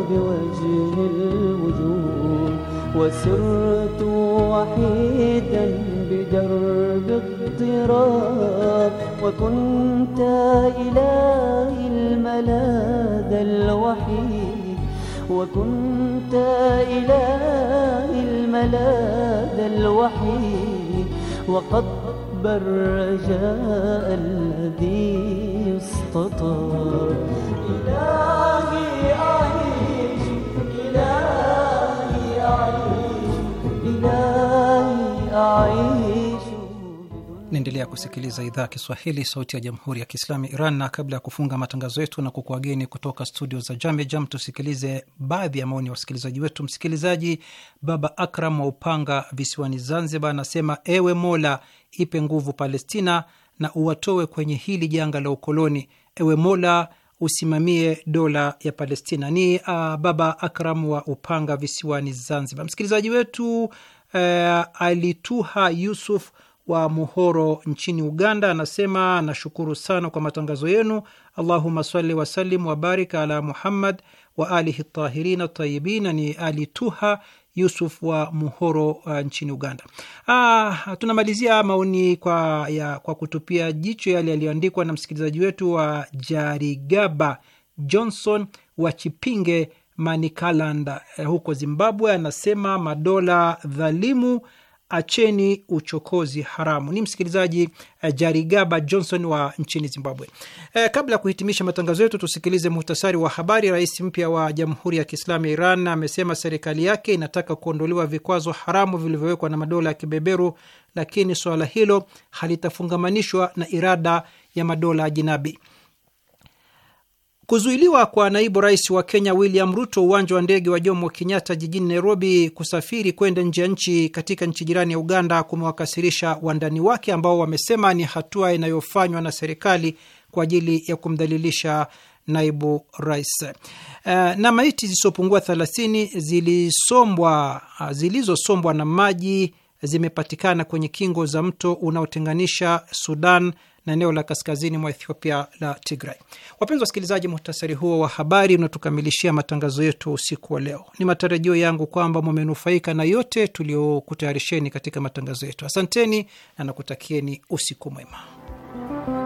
بوجه الوجود وسرت وحيدا بدرب اضطراب وكنت إله الملاذ الوحيد وكنت إله الملاذ الوحيد وقد حب الرجاء الذي يستطاع إلهي أعيش إلهي أعيش إلهي أعيش Naendelea kusikiliza idhaa ya Kiswahili, sauti ya jamhuri ya kiislamu ya Iran. Na kabla ya kufunga matangazo yetu na kukuageni kutoka studio za Jamejam, tusikilize baadhi ya maoni ya wasikilizaji wetu. Msikilizaji Baba Akram wa Upanga visiwani Zanzibar anasema, ewe Mola, ipe nguvu Palestina na uwatoe kwenye hili janga la ukoloni. Ewe Mola, usimamie dola ya Palestina. Ni uh, Baba Akram wa Upanga visiwani Zanzibar. Msikilizaji wetu uh, alituha Yusuf wa Muhoro nchini Uganda anasema, nashukuru sana kwa matangazo yenu. Allahuma sali wasalim wabarik ala Muhammad wa alihi tahirina tayibina. Ni alituha Yusuf wa Muhoro uh, nchini Uganda. Ah, tunamalizia maoni kwa, ya, kwa kutupia jicho yale yaliyoandikwa na msikilizaji wetu wa Jarigaba Johnson wa Chipinge manikaland eh, huko Zimbabwe. Anasema madola dhalimu acheni uchokozi haramu. Ni msikilizaji uh, Jarigaba Johnson wa nchini Zimbabwe. Uh, kabla ya kuhitimisha matangazo yetu, tusikilize muhtasari wa habari. Rais mpya wa Jamhuri ya Kiislamu ya Iran amesema serikali yake inataka kuondolewa vikwazo haramu vilivyowekwa na madola ya kibeberu, lakini suala hilo halitafungamanishwa na irada ya madola ajinabi. Kuzuiliwa kwa naibu rais wa Kenya William Ruto uwanja wa ndege wa Jomo Kenyatta jijini Nairobi kusafiri kwenda nje ya nchi katika nchi jirani ya Uganda kumewakasirisha wandani wake ambao wamesema ni hatua inayofanywa na serikali kwa ajili ya kumdhalilisha naibu rais. Eh, na maiti zisizopungua thelathini zilisombwa zilizosombwa na maji zimepatikana kwenye kingo za mto unaotenganisha Sudan na eneo la kaskazini mwa Ethiopia la Tigray. Wapenzi wasikilizaji, muhtasari huo wa habari unatukamilishia matangazo yetu usiku wa leo. Ni matarajio yangu kwamba mumenufaika na yote tuliokutayarisheni katika matangazo yetu. Asanteni na nakutakieni usiku mwema.